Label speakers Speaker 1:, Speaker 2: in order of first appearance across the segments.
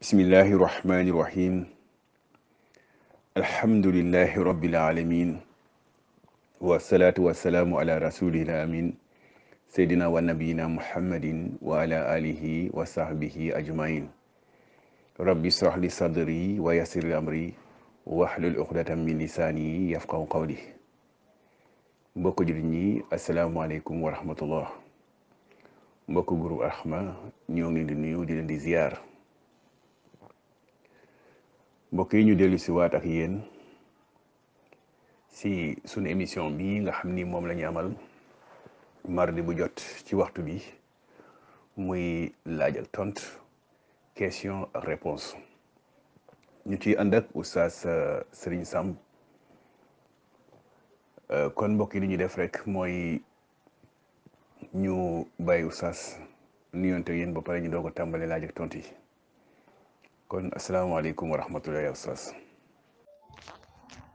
Speaker 1: bismillahi irrahmani irrahim alhamdulilahi rabilalamin wasalaatu wasalaamu ala rasulihil amin seydina wa nabiyina muhammadin wa ala alihi wa sahbihi ajmain rabbi israh li sadri wa yassir li amri wahlul uqdatan min lisaani yafqahu qawli mbokk jullit ñi asalaamualeykum wa rahmatullah mbokk groupe Rahma ñoo ngi leen di nuyu di leen di ziyaar mbokk yi ñu dellu si waat yéen si sunu émission bi nga xam ni moom la ñu amal mardi bu jot ci waxtu bi muy laaj tont tontu question réponse ñu ci ànd ak oustaz euh, Serigne Samb euh, kon mbokk yi li ñu def rek mooy ñu bàyyi oustaz nuyonte yéen ba pare ñu doog a tàmbale laaj ak yi. kon asalaamaaleykum wa rahmatullahi wa ustaas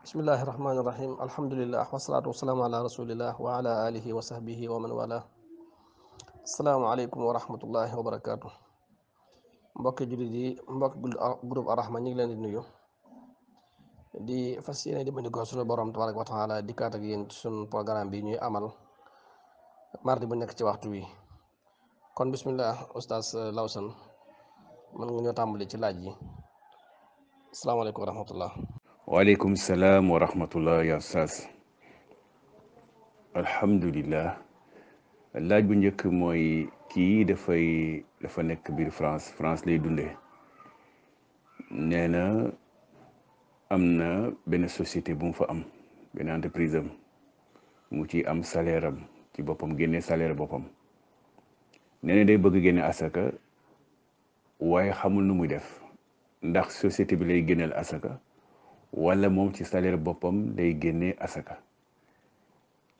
Speaker 2: bismillahi rahmaani rahim alhamdulilah wasalaatu wasalaamu ala rasulillah mbokki jullit mbokki ah, groupe arahma ñu ngi leen di nuyu di fas yéene di bandikoo sunu borom tabaraka wa taala programme bi ñuy amal mardi bu nekk ci waxtu wi kon bismillah ustaas Lawson mën nga ñoo tàmbali ci laaj yi asalaamaaleykum wa rahmatullah
Speaker 1: waaleykum salaam wa rahmatullah ya saas alhamdulillah laaj bu njëkk mooy kii dafay dafa nekk biir France France lay dunde nee na am na benn société bu mu fa am benn entreprise am mu ci am salaire ci boppam génne salaire boppam nee day bëgg génne asaka waaye xamul nu muy def ndax société bi lay génneel asaka walla moom ci salaire boppam lay génnee asaka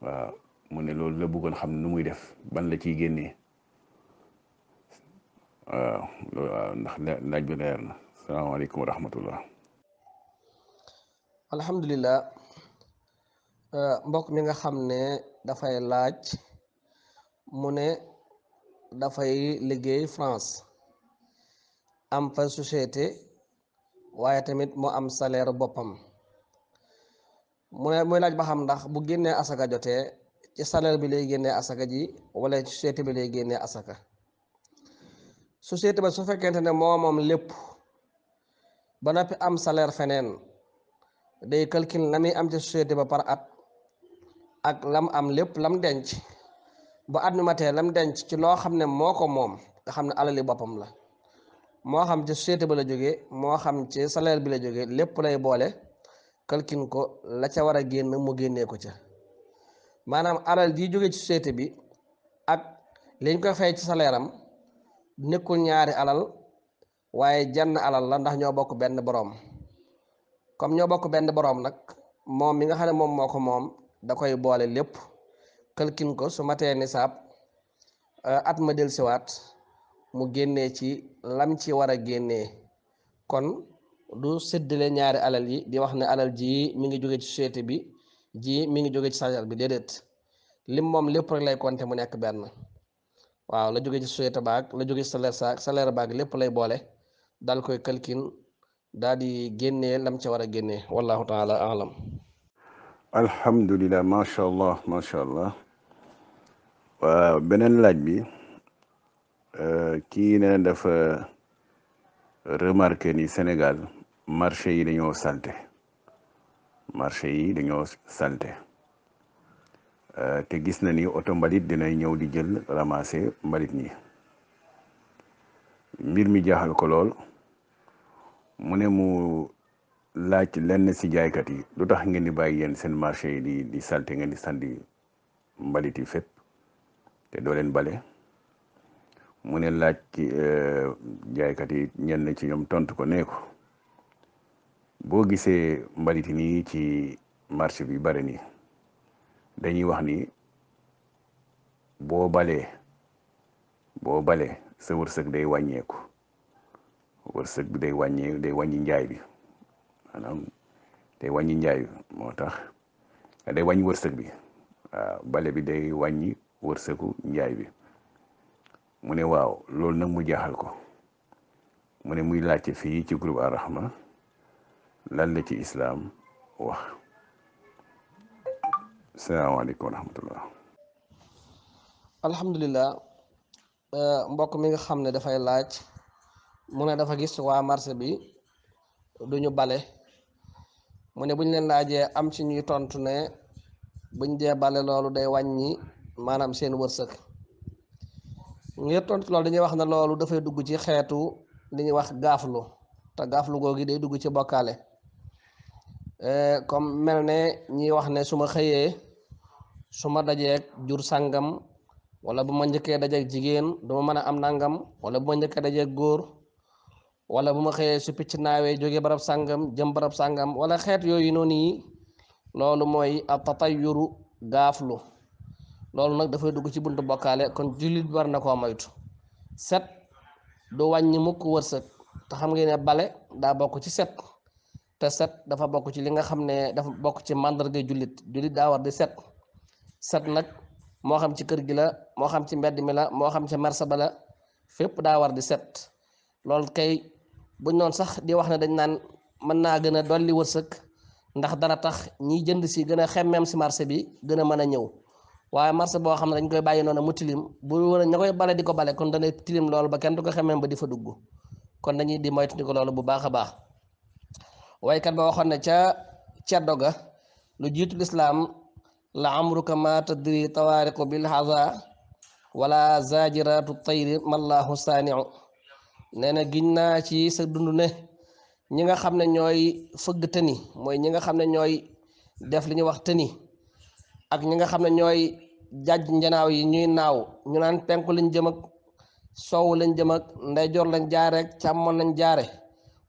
Speaker 1: waaw mu ne loolu la buggoon xam ne nu muy def ban la ciy génnee waaw ndax laaj bi leer na salaamaaleykum wa rahmatullah
Speaker 2: alhamdulilah euh, mbokk mi nga xam ne dafay laaj mu ne dafay liggéey France am fa société waaye tamit mu am salaire boppam mu ne muy laaj ba xam ndax bu génnee asaka jotee ci salaire bi lay génnee asaka ji wala ci société bi lay génnee asaka société ba su fekkente ne moo moom lépp ba noppi am salaire feneen day calcul la muy am ci société ba par at ak lam am lépp lam denc bu at mi matee lam denc ci loo xam ne moo ko moom nga xam ne alali boppam la moo xam ci société ba la jógee moo xam ci salaire bi la jóge lépp lay boole kalkin ko la ca war a génn mu génnee ko ca maanaam alal di jóge ci société bi ak liñ koy fay ci salaire nekkul ñaari alal waaye jenn alal la ndax ñoo bokk benn boroom comme ñoo bokk benn boroom nag moom mi nga xam ne moom moo ko moom da koy boole lépp kalkin ko su matee nisaab euh, at ma dellusiwaat mu génnee ci lam ci war a génnee kon du séddale ñaari alal yi di wax ne alal ji mi ngi jóge ci société bi ji mi ngi jóge ci salaire bi déedéet lim moom lépp rek lay compter mu nekk benn waaw la jóge ci société baag la jóge ci salaire saag salaire baag lépp lay boole daal koy calcul daal di génnee lam ci war a génnee wallahu taala alam
Speaker 1: alhamdulilah macha allah macha allah waaw beneen laaj bi Euh, kii nee na dafa remarqué ni Sénégal marché yi dañoo salte marché yi dañoo salte euh, te gis na ni oto mbalit dina ñëw di jël ramassé mbalit ñi mbir mi jaaxal ko lool mu ne mu laaj lenn si jaaykat yi lu tax ngeen di bàyyi yéen seen marché yi di di salte ngeen di sandi mbalit yi fépp te doo leen bale mu ne laaj ki eh, jaaykat yi ñenn ci ñoom tontu ko neeku boo gisee mbalit yi nii ci marché bi bare nii dañuy wax ni boo balee boo balee sa wërsëg day wàññeeku wërsëg bi day wàññee day wàññi njaay bi maanaam day wàññi njaay moo tax day wàññi wërsëg bi bale bi day wàññi wërsëgu njaay bi mu ne waaw loolu nag mu jaaxal ko mu ne muy laajte fii ci groupe Arrahma lan la ci islaam wax salaamaaleykum wa rahmatullah
Speaker 2: alhamdulilah euh, mbokk mi nga xam ne dafay laaj mu ne dafa gis waa marse bi du ñu bale mu ne buñ leen laajee am ci ñuy tontu ne buñ dee bale loolu day wàññi maanaam seen wërsëg ngir tontu loolu dañuy wax ne loolu dafay dugg ci xeetu dañuy wax gaaflu te gaaflu googu day dugg ci bokkaale eh, comme mel ne ñiy wax ne su ma xëyee su ma dajeeg jur sàngam wala bu ma njëkkee dajeeg jigéen du ma mën a am nangam wala bu ma njëkkee dajeeg góor wala bu ma xëyee su picc naawee jóge barab sàngam jëm barab sàngam wala xeet yooyu noonu yi loolu mooy a tatayuru gaaflu loolu nag dafay dugg ci buntu bokkaale kon jullit war na koo moytu set du wàññi mukk wërsëg te xam ngeen ne bale daa bokk ci set te set dafa bokk ci li nga xam ne dafa bokk ci màndarga jullit jullit daa war di set set nag moo xam ci kër gi la moo xam ci mbedd mi la moo xam ci marché ba fépp daa war di set loolu kay buñ noonu sax di wax ne dañ naan mën naa gën a dolli wërsëg ndax dara tax ñiy jënd si gën a xemmeem si marché bi gën a mën a ñëw waaw marché boo xam ne dañ koy bàyyi noonu mu tilim bu wër ña koy ko bale kon dana tilim loolu ba ko xamee ba di fa kon dañuy di moytandiku loolu bu baax a waykat ba waxoon ne ca ceddo lu jiitu lislaam la amruka ma tadri tawaariqu bil haza wala zajiratu tayri mallahu saaniu nee na giñ naa ci sa dund ne ñi nga xam ne ñooy fëgg tëni mooy ñi nga xam ne ñooy def li ñuy wax tëni ak ñi ñooy jaj njanaaw yi ñuy naaw ñu naan penku lañ jëm ak sow lañ jëm ak ndeyjoor lañ jaare ak càmmoon lañ jaare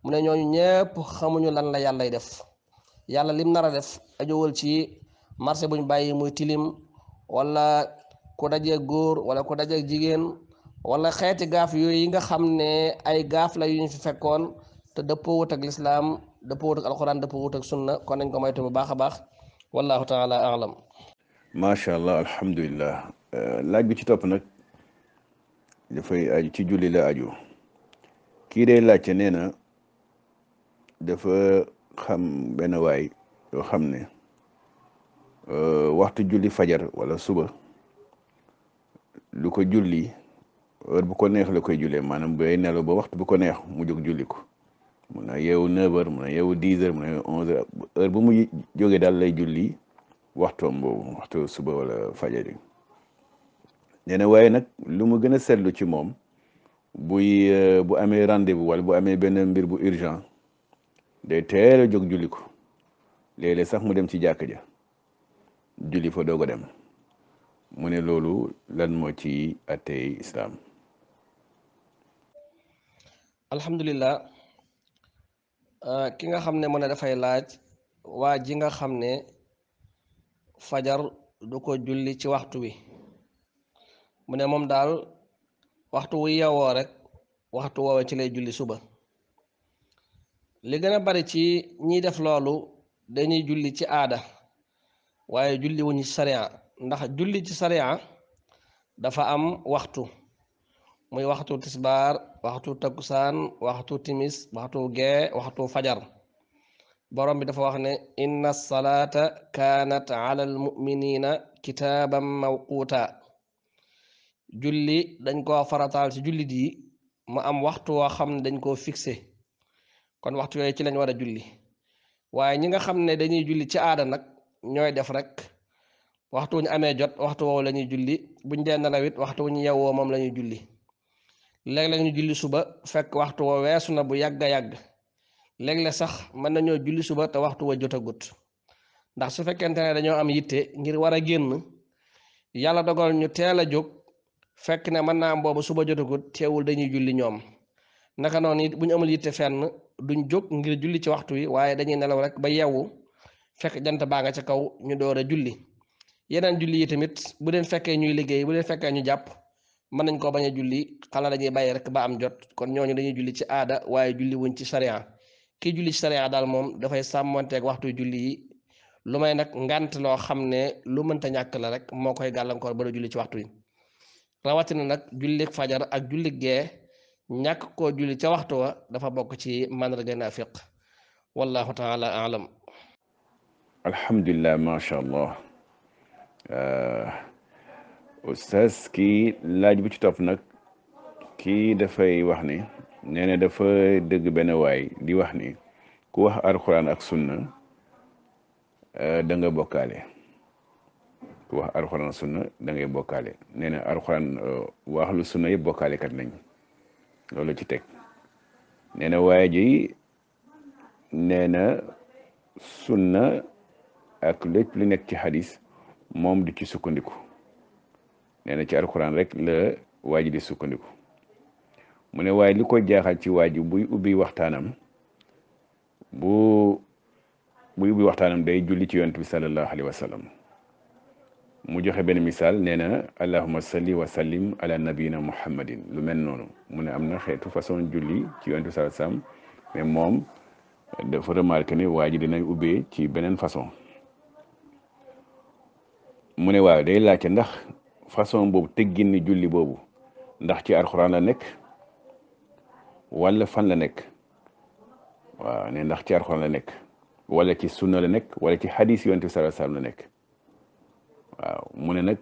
Speaker 2: mu ne ñooñu ñëpp xamuñu lan la yàllay def yàlla lim nar a def ajowal ci marché buñ bàyyi muy tilim wala ku dajee góor wala ku dajee jigéen wala xeeti gaaf yooyu yi nga xam ne ay gaaf la yu ñu fi fekkoon te dëppoo wut ak lislaam dëppoo wut ak alxuraan dëppoo wut ak sunna kon nañ ko moytu bu baax a baax wallahu taala alam
Speaker 1: macha allah alhamdulilah euh, laaj bi ci topp nag dafay aju ci julli la aju kii day laajte nee na dafa xam benn waay yoo xam ne euh, waxtu julli fajar wala suba luko ko julli heure bu ko neex la koy jullee maanaam bay nelaw ba bu ko neex mu jóg julli ko mun na yeewu neuf heures mun na yeewu dix heures na yeewu onze heure bu mu jógee daal lay julli waxtoom boobu waxtu suba wala fajari nee na waaye nag lu mu gën a seetlu ci moom buy euh, bu amee rendez-vous wala bu amee benn mbir bu urgent day teel a jóg julli ko sax mu dem ci jàkk ja julli fa doog dem mu ne loolu lan moo ci attey islaam
Speaker 2: alhamdulilah euh, ki nga xam ne mu ne dafay laaj waa ji nga xam ne fajar du ko julli ci waxtu wi mu ne moom daal waxtu wu yewoo rek waxtu woowe ci lay julli suba li gën a bari ci ñiy def loolu dañuy julli ci aada waaye julli wuñ ci sariya ndax julli ci sariya dafa am waxtu muy waxtu tisbaar waxtu takkusaan waxtu timis waxtu gee waxtu fajar borom bi dafa wax ne inna salaata kaanat ala almuminina kitaaban mawquuta julli dañ koo farataal ci jullit yi mu am waxtu woo xam ne dañ koo fixé kon waxtu yooyu ci lañ war a julli waaye ñi nga xam ne dañuy julli ci aada nag ñooy def rek waxtu wu amee jot waxtu woowu la ñuy buñ dee nelaw it moom la ñuy julli léeg-léeg ñu julli fekk waxtu weesu na bu yàgg a yàgg léeg-léeg sax mën nañoo julli suba te waxtu wa jotagut ndax su fekkente ne dañoo am yitte ngir war a génn yàlla dogal ñu teel a jóg fekk ne mën naa am boobu suba jotagut teewul dañuy julli ñoom naka noonu it bu ñu amul yitte fenn duñ jóg ngir julli ci waxtu wi waaye dañuy nelaw rek ba yeewu fekk jant baa nga ca kaw ñu door a julli yeneen julli yi tamit bu deen fekkee ñuy liggéey bu leen fekkee ñu jàpp mën nañ koo bañ a julli xala dañuy bàyyi rek ba am jot kon ñooñu dañuy julli ci aada waaye julli ci sariya kii julli ci sariya daal moom dafay sàmmanteeg waxtu julli yi lu may nag ngant loo xam ne lu mënta ñàkk la rek moo koy gàllankoor ba du julli ci waxtu yi rawatina nag jullik fajar ak julli gee ñàkk koo julli ca waxtu wa dafa bokk ci màndarga naafiq wallahu taala alam
Speaker 1: alhamdulilah macha allah oustaz kii laaj bu ci topp nag kii dafay wax ni nee na dafa dëgg benn waay di wax ni ku wax alxuraan ak sunna euh, da nga bokkaale ku wax alxuraan ak sunna da ngay bokkaale nee na alxuraan euh, waaxlu sunna yëpp bokkaale kat nañ loolu ci teg nee waaye ji nee na sunna ak lépp lu nekk ci xadis moom du ci sukkandiku nee na ci alxuraan rek la waa ji di sukkandiku mu ne waaye li ko jaaxal ci waa buy ubbi waxtaanam bu buy ubbi waxtaanam day julli ci yonent bi sallallahu wa sallam mu joxe benn misaal nee na allahuma salli wa sallim ala nabiyina muhammadin lu mel noonu mu ne am na xeetu façon julli ci yonent bi sallallahu alayhi wa moom dafa remarqué ne waa ji dinañ ubbee ci beneen façon mu ne waaw day laajte ndax façon boobu teggin ni julli boobu ndax ci alxuraan la nekk wala fan la nekk waaw ne ndax ci la nekk wala ci sunna la nekk wala ci xadis yonent bi sallallahu la nekk waaw mu ne nag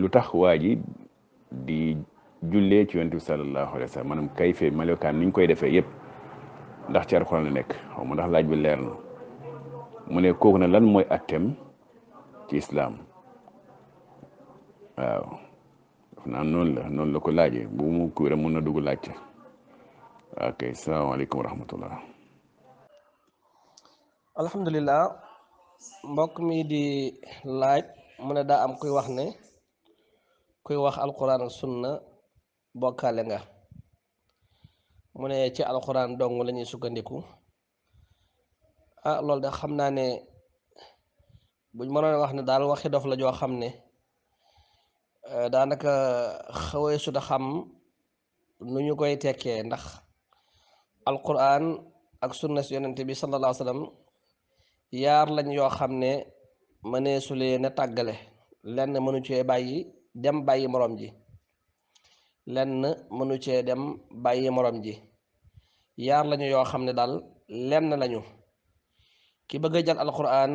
Speaker 1: lu tax waa ji di jullee ci yonent bi sallallahu alayhi wasallam maanaam kayfe melokaan ni koy defee yëpp ndax ci Alxuraan la nekk xaw laaj bi leer na mu ne kooku na lan mooy attem ci islaam waaw daf naa noonu la noonu la ko laajee bu mu kuure mun na dugg laajte ok salaamaaleykum wa
Speaker 2: mbokk mi di laaj mu ne daa am kuy wax ne kuy wax alquran ak sunna bokkaale nga mu ne ci alquran dong lañuy sukkandiku a ah, loolu de xam naa ne buñ mënoon wax ne daal waxi dof joo xam ne eh, daanaka xawee su xam nu ñu koy tekkee ndax alquran ak sunna si yonente bi sallallahu alayhi yaar lañ yoo xam ne mënee su na tàggale lenn mënu cee bàyyi dem bàyyi morom ji lenn mënu cee dem bàyyi morom ji yaar lañu yoo xam ne daal lenn lañu ki bëgg a jël alquran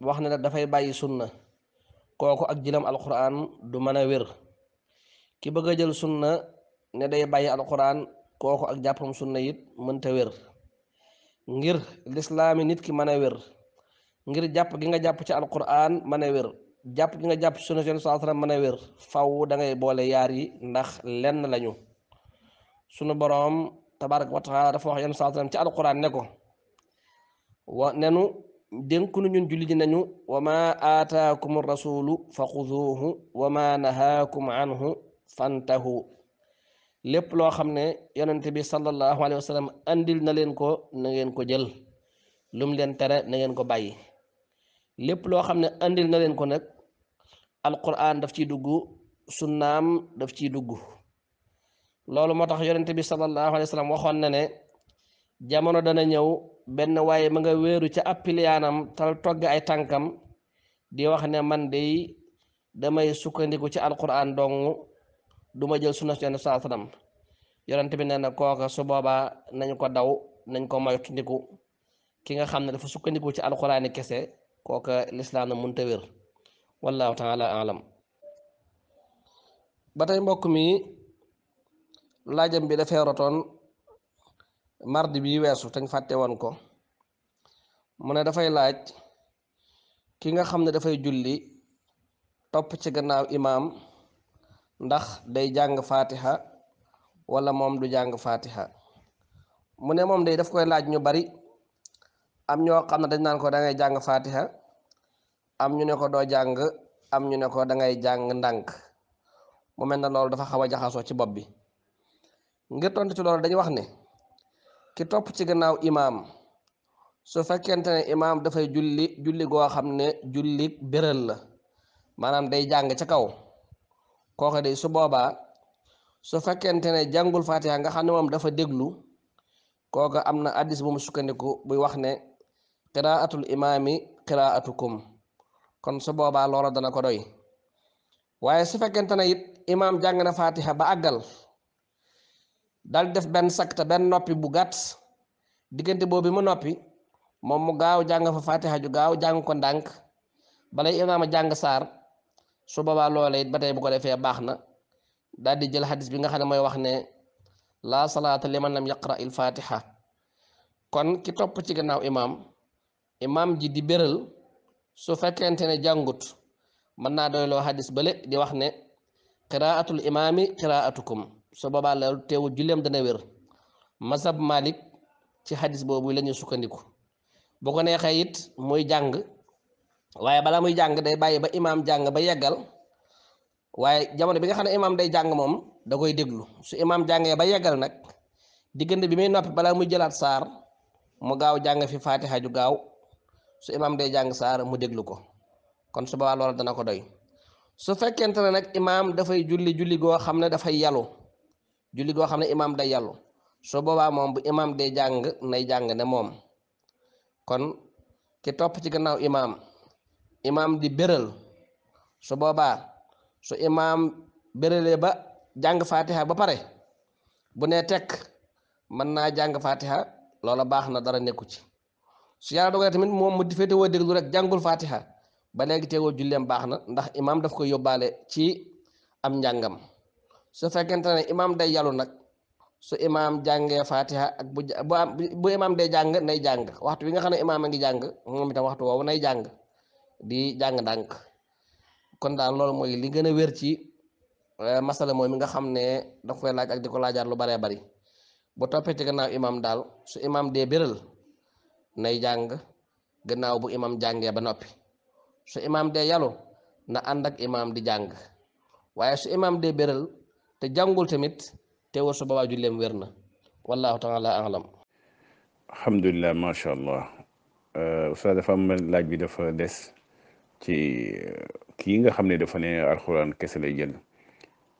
Speaker 2: wax ne dafay bàyyi sunna kooku ak jëlam alquran du mën a wér ki bëgg a jël sunna ne day bàyyi alquran kooku ak jàppam sunna it mënta wér ngir lislaami nit ki mën a wér ngir jàpp gi nga jàpp ci alquran mën a wér jàpp gi nga jàpp ci sunna sallallahu alayhi a wér faw da yi ndax lenn lañu sunu boroom tabaraka wa taala dafa wax ko ñun julli ji nañu wa ma aataakum rasulu fa xuduuhu wa ma nahaakum anhu fantahu lépp loo xam ne yonent bi sallallahu alayhi wa andil na leen ko na ko jël lum leen tere na ko bàyyi lépp loo xam ne andil na leen ko nag alquran daf ciy dugg sunnaam daf ciy dugg loolu moo tax yonent bi sallallahu alayhi wa sallam waxoon na ne jamono dana ñëw benn waaye ma nga wéeru ca appiliyaanam piliyaanam tal togg ay tànkam di wax ne man de damay sukkandiku ci alquran dong duma jël sunna yenn saa bi nee na kooka su boobaa nañ ko daw nañ ko moytandiku ki nga xam ne dafa sukkandiku ci alxuraani kese kooka lislaam na mënta wér wallahu mbokk mi laajam bi dafee rotoon mardi weesu te ñu woon ko mu ne dafay laaj ki nga xam ne dafay julli topp ci imaam ndax day jàng faatiha wala moom du jàng faatiha mu ne moom day def koy laaj ñu bari am ñoo xam ne dañ naan ko dangay jàng faatiha am ñu ne ko doo jàng am ñu ne ko dangay jàng ndànk mu mel na loolu dafa xaw a jaxasoo ci bopp bi ngir tontu ci loolu dañu wax ne ki topp ci gannaaw imaam su fekkente ne imaam dafay julli julli goo xam ne julli béral la maanaam day jàng ci kaw kooka de su boobaa su fekkente ne jàngul fatiha nga xam ne moom dafa déglu kooka am na addis bu mu sukkandiku buy wax ne qiraatul imaami qiraatukum kon su boobaa loola dana ko doy waaye su fekkente ne it imaam jàng na fatiha ba àggal dal def benn sakta benn noppi bu gàtt diggante boobu ma noppi moom mu gaaw jàng fa fatiha ju gaaw jàng ko ndànk balay imaama jàng saar su boobaa loolee it ba tey bu ko defee baax na daal di jël xadis bi nga xam ne mooy wax ne laa salaatale man lam yaqra il fatiha kon ki topp ci gannaaw imaam imaam ji di béral su fekkente ne jàngut mën naa doy loo xadis bële di wax ne qiraatul imaami qiraatukum su boobaa loolu teewu julleem dana wér mazhab malik ci xadis boobu lañuy ñuy sukkandiku bu ko neexee muy jàng waaye balaa muy jàng day bàyyi ba imaam jàng ba yeggal waaye jamono bi nga xam ne imaam day jàng moom da koy déglu su imaam jàngee ba yeggal nag diggante bi muy noppi balaa muy jëlaat saar mu gaaw jàng fi faatiha ju gaaw su imaam day jàng saar mu déglu ko kon su boobaa dana ko doy su fekkente ne nag imaam dafay julli julli goo xam ne dafay yalu julli goo xam ne imaam day yalu su boobaa moom bu imaam day jàng nay jàng ne moom kon ki topp ci gannaaw imaam. imaam di béral su boobaa su imaam béralee ba jàng fatiha ba pare bu nee tekk mën naa jàng fatiha loola baax na dara nekku ci su yàlla dogalee tamit moom mu féete woo déglu rek jàngul fatiha ba léegi teewoo julleem baax na ndax imaam daf koy yóbbaale ci am njàngam su fekkente ne imaam day yalu nag su imaam jàngee fatiha ak bu bu imaam day jàng nay jàng waxtu wi nga xam ne imaam a ngi jàng moom itam waxtu woowu nay jàng di jàng ndànk kon daal loolu mooy li gën a wér ci eh, masala mooy mi nga xam ne daf koy laaj ak di ko laajaat lu baree bari bu toppee ci daal su imaam dee béral nay jàng gannaaw bu imaam jàngee ba noppi su imaam dee yalu na ak imaam di jàng waaye su imaam dee béral te jàngul tamit teewul su boobaa na wallahu taala alam
Speaker 1: eh, laaj bi dafa ci kii nga xam ne dafa ne alxuraan kese lay jël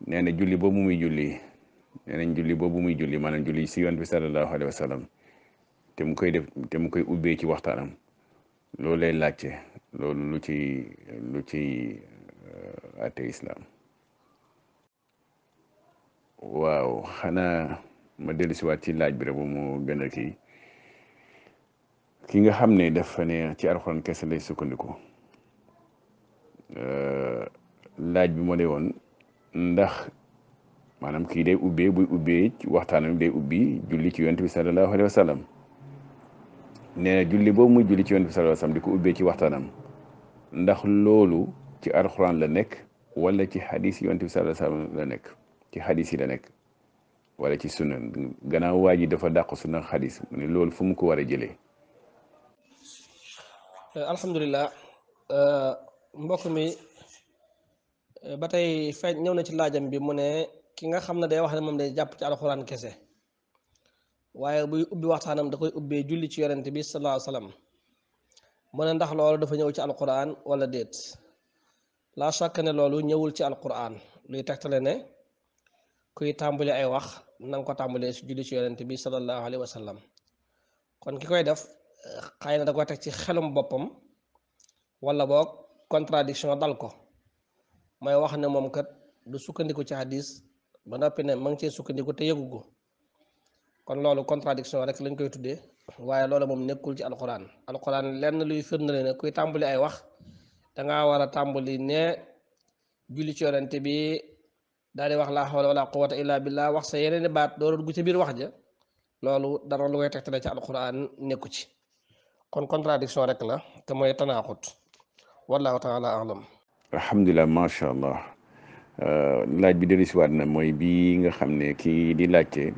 Speaker 1: nee na julli bo muy julli nee nañ julli boobu muy julli maanaam julli si yoon bi sallallahu alayhi wa sallam te mu koy def te mu koy ubbee ci waxtaanam loolu lay laajte loolu ci lu ci ate uh, islam waaw xanaa ma dellu siwaat ci laaj bi rek bu mu gën ki nga xam ne dafa ne ci alxuraan kese lay sukkandiku Euh, laaj bi mo de woon ndax maanaam kii day ubbee buy ubbee ci waxtaanam day ubbi julli ci yonent bi sallallahu alayhi wa sallam nee na julli boobu muy julli ci yonent bi sallallahu alayhi wa ci waxtaanam ndax loolu ci alxuraan la nekk wala ci xadis yi yonent bi sallallahu alayhi la nekk ci xadis yi la nekk wala ci sunna gannaaw waa ji dafa dàq sunna xadis mu ne loolu fu mu ko war a jëlee
Speaker 2: euh, mbokk mi eh, ba tey feeñ ñëw na ci laajam bi mu ne ki nga xam ne day wax ne moom day jàpp ci alxuraan kese waaye buy ubbi waxtaanam da koy ubbee julli ci yonent bi sallallahu alayhi mu ne ndax loolu dafa ñëw ci alxuraan wala déet la chaque ne loolu ñëwul ci alxuraan luy tegtale ne kuy tàmbali ay wax na ko tàmbalee ci julli ci yonent bi sallallahu alayhi wasallam kon ki koy def eh, xëy na da koy teg ci xelum boppam wala boog. contradiction dal ko mooy wax ne moom kat du sukkandiku ci hadis ba noppi ne ma ngi cee sukkandiku te yëgu ko kon loolu contradiction rek lañ koy tuddee waaye loolu moom nekkul ci alquran alquran lenn luy firndale ne kuy tàmbali ay wax dangaa war a tàmbali ne ci yonente bi daal wax laa xawla wala quwata illa billah wax sa yeneen i baat dooroon gu biir wax ja loolu dara lu koy tegtale ci alquran nekku ci kon contradiction rek la te mooy tanaaxut wallahu taala alam
Speaker 1: alhamdulilah macha allah euh, laaj bi dellu waat na mooy bii nga xam ne kii di laajte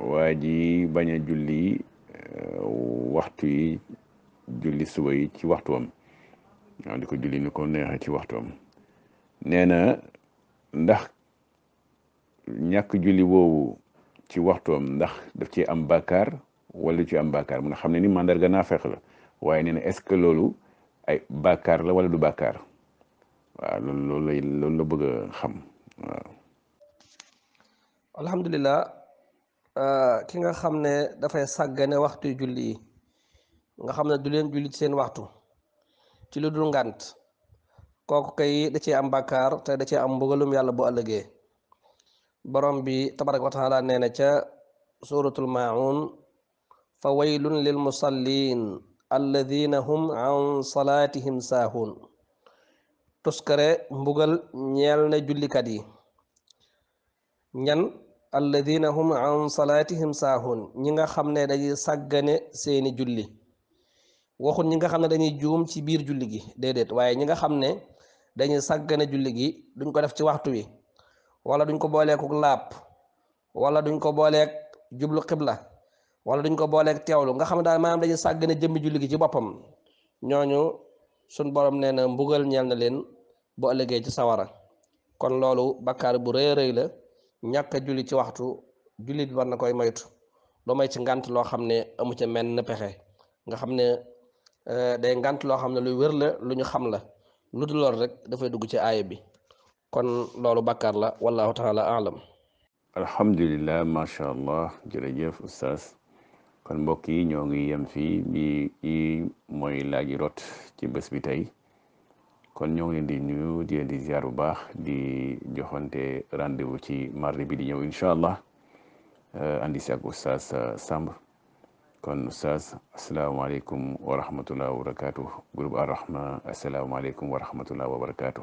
Speaker 1: waaji ji bañ a julli euh, waxtu yi julli suba yi ci waxtuwam waaw di ko julli neexee ci waxtuwam nee na ndax ñàkk julli woowu ci waxtuwam ndax daf ci am bàkkaar wala ci am bàkkaar mun a xam ne ni mandarga naa feex la waaye nee na est loolu ay bàkkaar la wala du bàkkaar waaw loolu loolu lay xam
Speaker 2: alhamdulilah euh, ki nga xam ne dafay sàggane waxtu julli yi nga xam ne du leen julli seen waxtu ci lu dul ngant kooku kay da cee am bàkkaar te da cee am mbugalum yàlla bu ëllëgee borom bi tabaraka wa taala nee na ca suratul maun fa waylun lil musallin alladina hum an salaatihim saahuun tuskare mbugal ñeel na jullikat yi ñan alladina hum an salaatihim saahuun ñi nga xam ne dañuy sàggane seeni julli waxut ñi nga xam ne dañuy juum ci biir julli gi déedéet waaye ñi nga xam ne dañuy saggane julli gi duñ ko def ci waxtu wi wala duñ ko booleeku laab wala duñ ko booleek jublu xibla wala duñ ko booleeg teewlu nga xam ne daal maanaam dañu sàggane jëmmi julli gi ci boppam ñooñu suñ borom nee na mbugal ñeel na leen bu ëllëgee ci sawara kon loolu bakkaar bu rëy rëy la ñàkk julli ci waxtu jullit bi war na koy moytu lu may ci ngant loo xam ne amu ca menn pexe nga xam ne euh, day ngant loo xam ne lu wér la lu ñu xam la lu dul lool rek dafay dugg ci aaya bi kon loolu bakkaar la wallahu taala alam
Speaker 1: alhamdulilah macha allah jërëjëf oustaz kon mbokk yi ñoo ngi yem fii bi mooy laaj rot ci bés bi tey kon ñoo ngi leen di nuyu di leen bu baax di joxante rendez ci mardi bi di ñëw incha allah euh, andi si ak oustaz Samb kon oustaz asalaamaaleykum wa rahmatullah wa barakaatu groupe Ar Rahma asalaamaaleykum wa rahmatullah wa barakaatu.